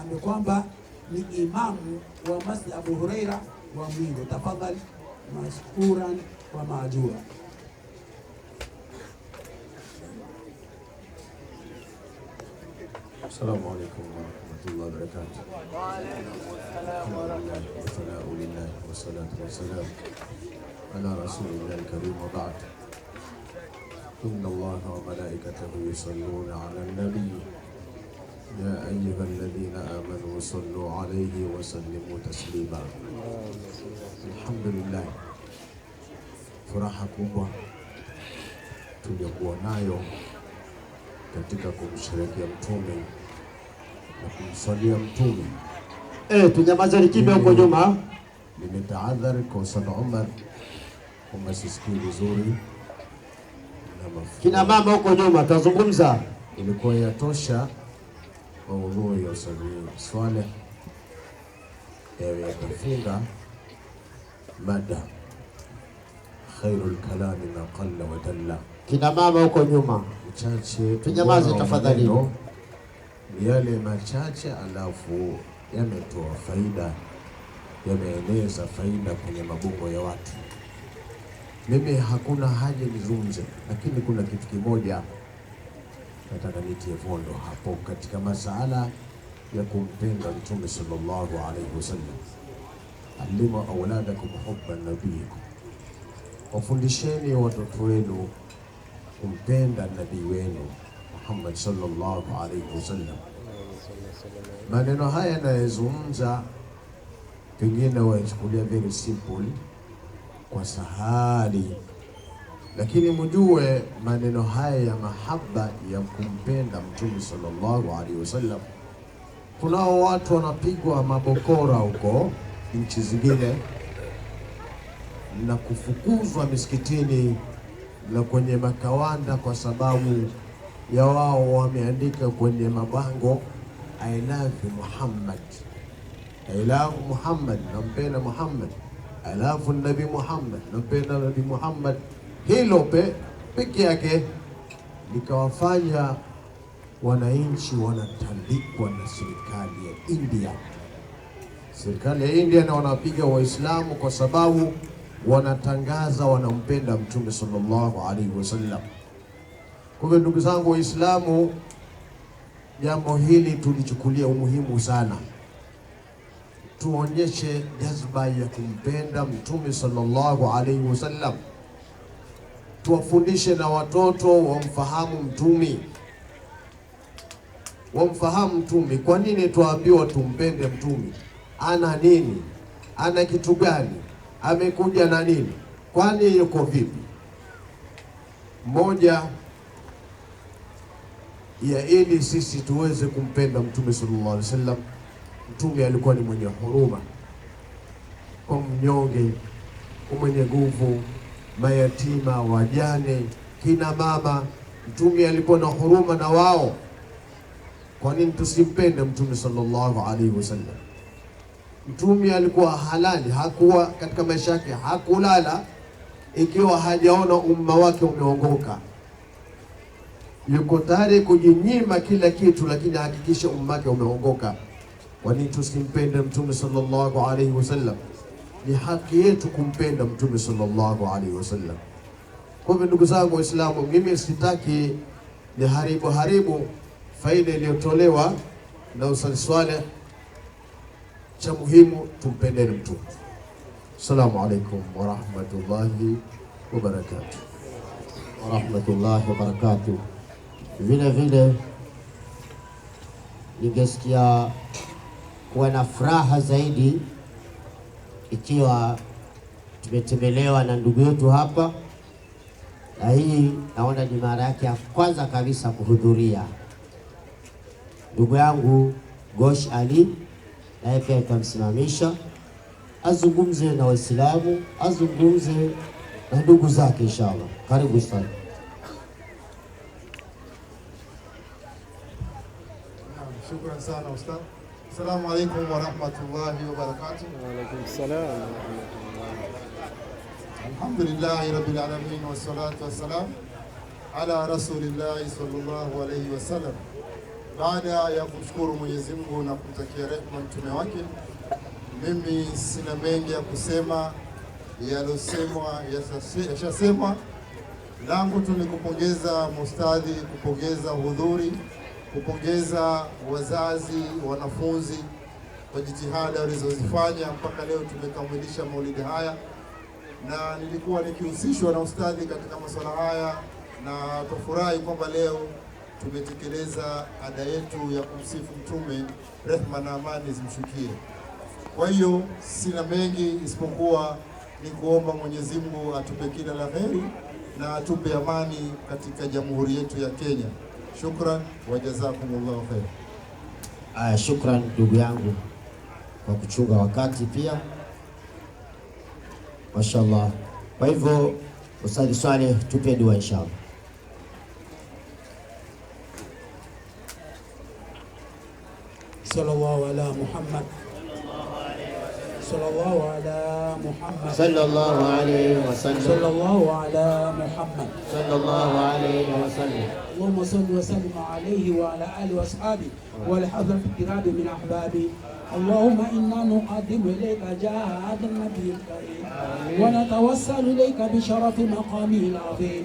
ambaye kwamba ni imamu wa Masjid Abu Huraira wa Mwingo. Tafadhali, mashkuran wa maajura. Assalamu alaykum wa rahmatullahi wa barakatuh. Wa alaykum assalam wa rahmatullahi wa salatu wa salam ala rasulillahi karim wa ba'd. Inna Allaha wa malaikatahu yusalluna ala an-nabi يا أيها الذين آمنوا صلوا عليه وسلموا تسليما. Alhamdulillah, furaha kubwa tuliyokuwa nayo katika kumsherehekea mtume na kumswalia mtume. Eh, tunyamazeni kimya huko nyuma. Nimetaadhari kwa Ustadh Omar kwamba sisikii vizuri na kina mama huko nyuma, tazungumza ilikuwa yatosha Maudhui ya usaili swale yakufunga mada khairul kalami ma qalla wa dalla. Kina mama huko nyuma, uchache tunyamaze tafadhali, yale machache alafu yametoa faida, yameeneza faida kwenye mabongo ya watu. Mimi hakuna haja nizungumze, lakini kuna kitu kimoja nataka nitie vondo hapo katika masala ya kumpenda Mtume sallallahu alaihi wasallam. Alimu auladakum hubba nabiyikum, wafundisheni watoto wenu kumpenda nabii wenu Muhammad sallallahu alaihi wasallam. Maneno haya yanayozungumza pengine wayachukulia very simple kwa sahali lakini mjue maneno haya ya mahaba ya kumpenda Mtume sallallahu alaihi wasallam, kunao watu wanapigwa mabokora huko nchi zingine na kufukuzwa misikitini na kwenye makawanda kwa sababu ya wao wameandika kwenye mabango I love Muhammad, I love Muhammad, nampenda Muhammad, alafu nabii Muhammad, nampenda nabii Muhammad hilo pe peke yake likawafanya wananchi wanatandikwa na serikali ya India, serikali ya India, na wanapiga Waislamu kwa sababu wanatangaza wanampenda Mtume sallallahu alaihi wasallam. Kwa hivyo, ndugu zangu Waislamu, jambo hili tulichukulia umuhimu sana, tuonyeshe jazba ya kumpenda Mtume sallallahu alaihi wasallam tuwafundishe na watoto wamfahamu mtumi, wamfahamu mtumi. Kwa nini tuambiwa tumpende mtumi? Ana nini? Ana kitu gani? Amekuja na nini? Kwani yuko vipi? Moja ya ili sisi tuweze kumpenda mtume sallallahu alaihi wasallam, mtume alikuwa ni mwenye huruma kwa mnyonge, mwenye nguvu mayatima, wajane, kina mama. Mtume alikuwa na huruma na wao, kwa nini tusimpende Mtume sallallahu alaihi wasallam? Mtume alikuwa halali, hakuwa katika maisha yake hakulala ikiwa hajaona umma wake umeongoka. Yuko tayari kujinyima kila kitu, lakini ahakikishe umma wake umeongoka. Kwa nini tusimpende Mtume sallallahu alaihi wasallam? ni haki yetu kumpenda Mtume sallallahu alaihi wasallam. Kwa hivyo ndugu zangu Waislamu, mimi sitaki ni haribu haribu faida iliyotolewa na usali swale. Cha muhimu tumpendeni Mtume. Assalamu alaikum warahmatullahi wabarakatuh. Warahmatullahi wabarakatuh. Vile vile ningesikia kuwa na furaha zaidi ikiwa tumetembelewa na ndugu yetu hapa, na hii naona ni mara yake ya kwanza kabisa kuhudhuria ndugu yangu Gosh Ali, naye pia itamsimamisha azungumze na Waislamu, azungumze na ndugu zake inshallah. Karibu sana. Shukran sana ustadh. Assalamu alaikum warahmatullahi wabarakatuh. Wa alaikum salam. Alhamdulillahi rabbil alamin wassalatu wassalam ala rasulillahi sallallahu alaihi wasallam. Baada ya kumshukuru Mwenyezi Mungu na kumtakia rehma mtume wake, mimi sina mengi ya kusema, yalosemwa yashasemwa. Langu tu ni kupongeza mustadhi, kupongeza hudhuri kupongeza wazazi, wanafunzi kwa jitihada walizozifanya mpaka leo tumekamilisha maulidi haya, na nilikuwa nikihusishwa na ustadhi katika masuala haya, na tufurahi kwamba leo tumetekeleza ada yetu ya kumsifu Mtume, rehma na amani zimshukie. Kwa hiyo sina mengi isipokuwa ni kuomba Mwenyezi Mungu atupe kila la heri na atupe amani katika jamhuri yetu ya Kenya. Shukran wa jazakumullahu khair. Aya, shukran ndugu yangu kwa kuchunga wakati pia, mashallah. Kwa hivyo usali swali, tupe dua inshallah. Sallallahu ala Muhammad صلى الله على محمد صلى الله عليه وسلم صلى الله على محمد صلى الله عليه وسلم اللهم صل وسلم عليه وعلى اله واصحابه والحضرة الكرام من احبابه اللهم انا نقدم اليك هذا النبي الكريم ونتوسل اليك بشرف مقامه العظيم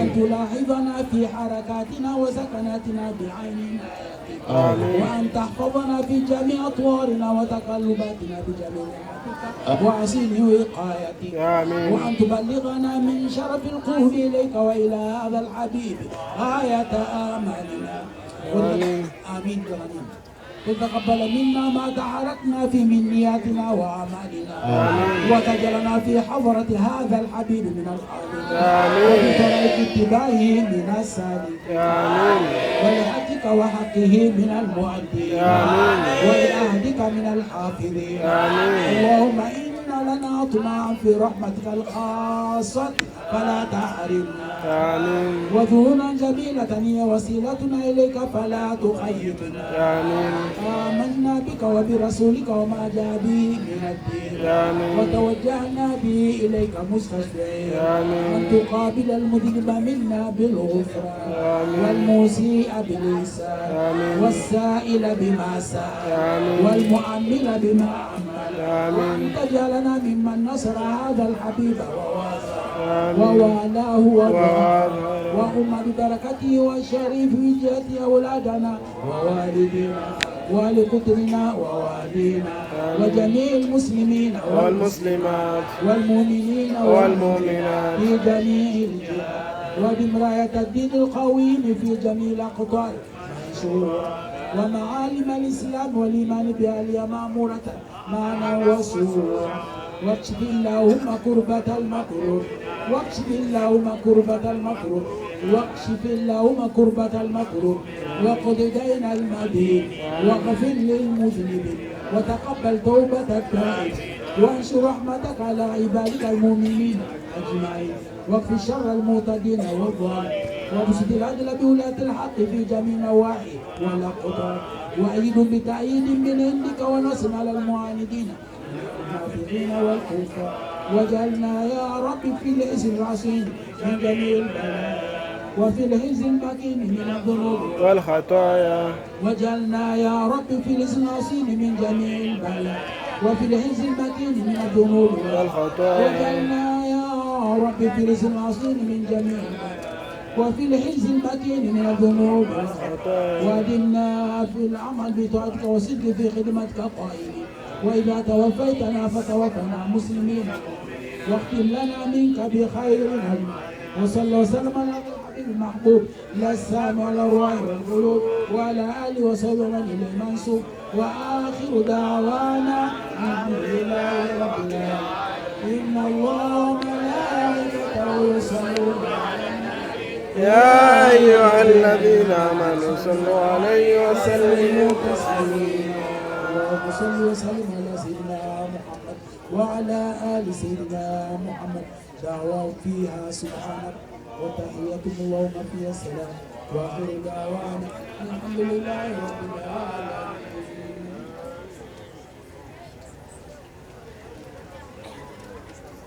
ان تلاحظنا في حركاتنا وسكناتنا بعيننا وأن تحفظنا في جميع أطوارنا وتقلباتنا بجميع وعسين وقايتك وأن تبلغنا من شرف القرب إليك وإلى هذا الحبيب آية آمالنا آمين آمين وتقبل منا ما تحركنا في منياتنا وأعمالنا وتجعلنا في حضرة هذا الحبيب من الخالق طريق اتباعه من السالك آمين وحقك وحقه من المؤدين وبعهدك من الحافظين اللهم وأطلع في رحمتك الخاصة فلا تحرمنا وذهونا جميلة هي وسيلتنا إليك فلا تخيبنا آمنا بك وبرسولك وما جاء به من الدين وتوجهنا به إليك مستشفعين أن تقابل المذنب منا بالغفران والمسيء بالإحسان والسائل بما سأل والمؤمل بما أمل وأن تجعلنا ممن نصر هذا الحبيب ووالاه وهم ببركته والشريف في جهة أولادنا ووالدنا ولقطرنا ووالينا وجميع المسلمين والمسلمات والمؤمنين والمؤمنات في جميع الجهات وبمراية الدين القويم في جميع الأقطار ومعالم الإسلام والإيمان بها اليمامورة الرحمن والسرور واكشف اللهم كربة المكروه واكشف اللهم كربة المكروه واكشف اللهم كربة المكروه وقض دين المدين واغفر للمذنبين وتقبل توبة التائب وانشر رحمتك على عبادك المؤمنين اجمعين واكف شر المعتدين والظالمين وابسط العدل بولاة الحق في جميع نواحي ولا قطر وعيد بتأييد من عندك ونصر على المعاندين الكافرين والكفار وجعلنا يا رب في العز الرصين من جميع البلاء وفي الهز المكين من الذنوب والخطايا وجعلنا يا رب في الهز العصين من جميع البلاء وفي الهز المكين من الذنوب والخطايا وجعلنا يا رب في الهز العصين من جميع البلاء وفي الحلز المتين من الذنوب ودنا في العمل بطاعتك وصدق في خدمتك قائل وإذا توفيتنا فتوفنا مسلمين واختم لنا منك بخير وصلى وسلم على المحبوب لا السامع ولا الراعي والقلوب وعلى آل وصحبه المنصوب وآخر دعوانا الحمد لله رب العالمين إن الله ملائكته يصلون يا أيها الذين آمنوا صلوا عليه وسلموا تسليما اللهم صل وسلم على سيدنا محمد وعلى آل سيدنا محمد دعوة فيها سبحانك وتحية اللهم فيها السلام وآخر دعوانا الحمد لله رب العالمين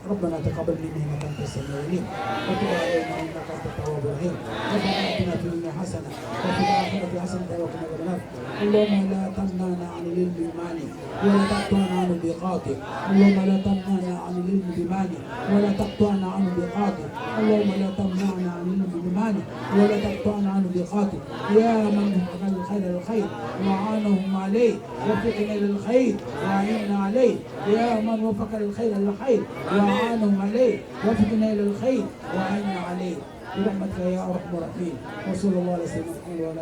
ربنا تقبل مني ما انت السميع العليم وتب علينا انك انت التواب الرحيم ربنا اتنا في الدنيا حسنه وفي الاخره حسنه وقنا عذاب النار اللهم لا تمنعنا عن العلم بمال ولا تقطعنا عن بقاطع اللهم لا تمنعنا عن العلم بمال ولا تقطعنا عن بقاطع اللهم لا تمنعنا من إيمانه ولا تقطعن عنه بخاطر يا من عمل الخير الخير وعانهم عليه وفقنا للخير وعيننا عليه يا من وفق الخير الخير وعانهم عليه وفقنا للخير وعيننا عليه برحمتك يا ارحم الراحمين وصلى الله على سيدنا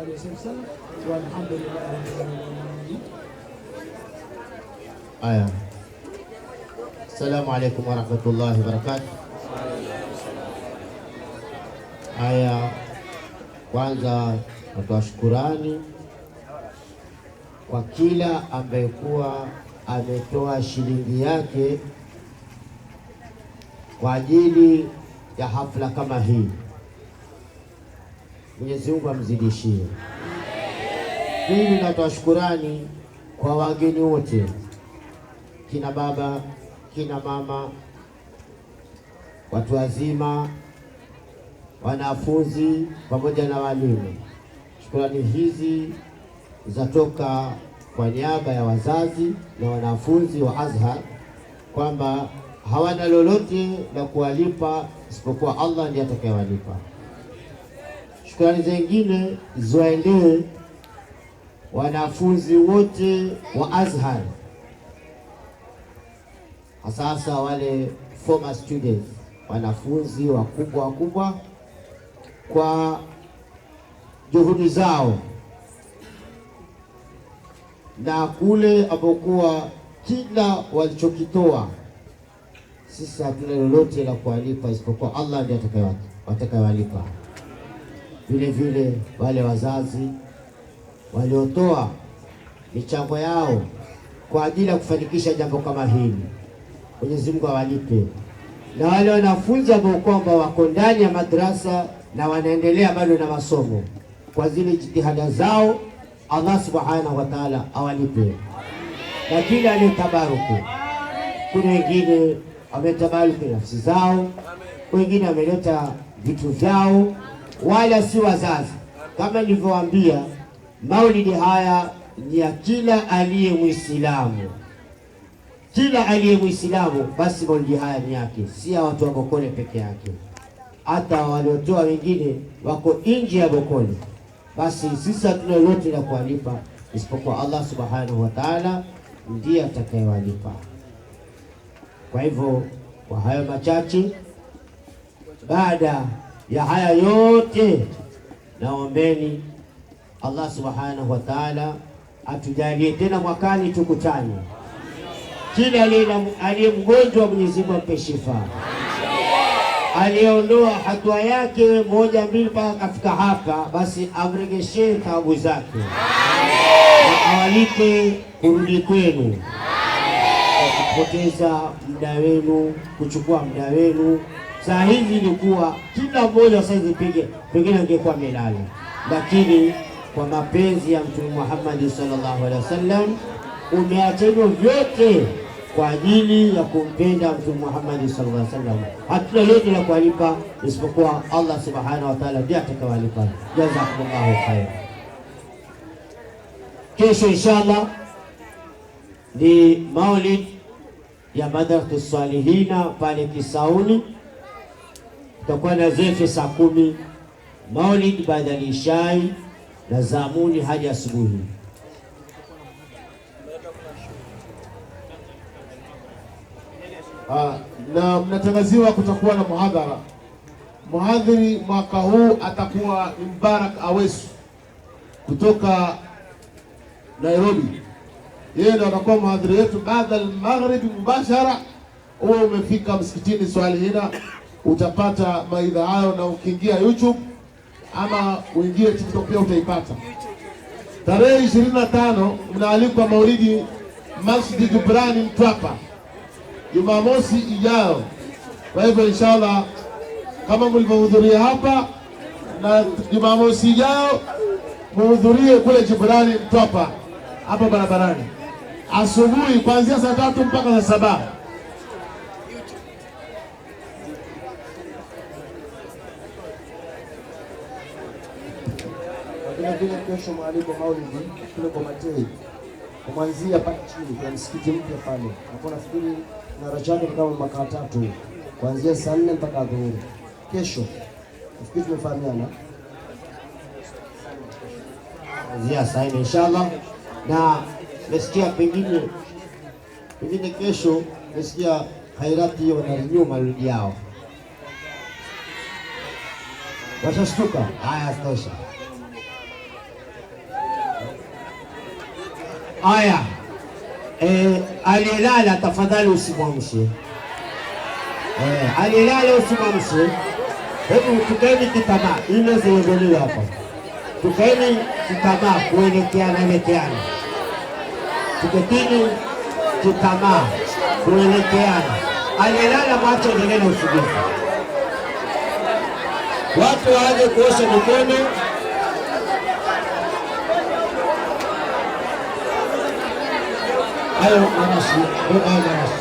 محمد وعلى اله وصحبه وسلم والحمد لله رب العالمين. آية. السلام عليكم ورحمه الله وبركاته. Haya, kwanza natoa shukurani kwa kila ambaye kuwa ametoa shilingi yake kwa ajili ya hafla kama hii. Mwenyezi Mungu amzidishie. Mimi natoa shukurani kwa wageni wote, kina baba, kina mama, watu wazima wanafunzi pamoja na walimu. Shukrani hizi zatoka kwa niaba ya wazazi na wanafunzi wa Azhar kwamba hawana lolote la kuwalipa isipokuwa Allah ndiye atakayewalipa. Shukrani zingine ziwaendee wanafunzi wote wa Azhar, hasa hasa wale former students, wanafunzi wakubwa wakubwa kwa juhudi zao na kule ambokuwa kila walichokitoa, sisi hatuna lolote la kuwalipa isipokuwa Allah ndiye atakayewalipa. Vile vile wale wazazi waliotoa michango yao kwa ajili ya kufanikisha jambo kama hili, Mwenyezi Mungu awalipe, na wale wanafunzi ambao kwamba wako ndani ya madrasa na wanaendelea bado na masomo kwa zile jitihada zao. Allah subhanahu wa ta'ala awalipe na kila aliyetabaruku. Kuna wengine wametabaruku nafsi zao, wengine wameleta vitu vyao, wala si wazazi. Kama nilivyowaambia, maulidi haya ni ya kila aliye Muislamu, kila aliye Muislamu basi maulidi haya ni yake, si ya watu wa Bokole peke yake hata waliotoa wengine wako nje ya bokoli. Basi sisi hatuna lolote la kuwalipa isipokuwa Allah subhanahu wa ta'ala ndiye atakayewalipa. Kwa hivyo kwa hayo machache, baada ya haya yote, naombeni Allah subhanahu wa ta'ala atujalie tena mwakani tukutane. Kila aliye mgonjwa Mwenyezi Mungu ampe shifa aliyeondoa hatua yake moja mbili mpaka akafika hapa, basi amregeshee thawabu zake na awalipe kurudi kwenu kwa kupoteza muda wenu, kuchukua muda wenu. Saa hizi kuwa kila mmoja saizi pige pengine angekuwa melala, lakini kwa mapenzi ya Mtume Muhammad sallallahu alaihi wasallam umeacha hivyo vyote kwa ajili ya kumpenda Mtume Muhammad sallallahu alaihi wasallam. Hatuna lolote la kuwalipa isipokuwa Allah subhanahu wa ta'ala ndiye atakayewalipa. Jazakumullahu khair. Kesho inshallah ni maulid ya Madrasatu Salihina pale Kisauni, tutakuwa na zefe saa kumi, maulid baada ya ishai na zamuni hadi asubuhi. Ah, na mnatangaziwa kutakuwa na muhadhara. Mhadhiri mwaka huu atakuwa ni Mbarak Awesu kutoka Nairobi. Yeye ndo atakuwa mhadhiri wetu baada ya maghrib mubashara. Huwa umefika msikitini swali hina, utapata maidha hayo, na ukiingia YouTube ama uingie TikTok pia utaipata. Tarehe 25 mnaalikwa maulidi Masjid jubrani Mtwapa. Jumamosi ijayo. Kwa hivyo inshallah, kama mlivyohudhuria hapa na Jumamosi ijayo muhudhurie kule Jibrani Mtwapa, hapo barabarani, asubuhi kuanzia saa tatu mpaka saa saba. Vilevile kesho mwaliko maulidi kule kwa Matei kumwanzia pale chini kwa msikiti mpya pale, nakuwa nafikiri na rajani kama makaa tatu kuanzia saa nne mpaka dhuhuri kesho. Nafikiri tumefahamiana kuanzia saa nne inshallah, na mesikia pengine pengine kesho mesikia khairati wanarenyua marudi yao, washashtuka. Haya, tosha. Haya eh, aliyelala tafadhali usimwamshe. Eh, aliyelala usimwamshe. Hebu tukaeni kitamaa, ile hapa, tukaeni kitamaa kuelekeana elekeana, tuketini kitamaa kuelekeana. Aliyelala mwache endelee na usingizi, watu waje kuosha mikono. I don't want to see.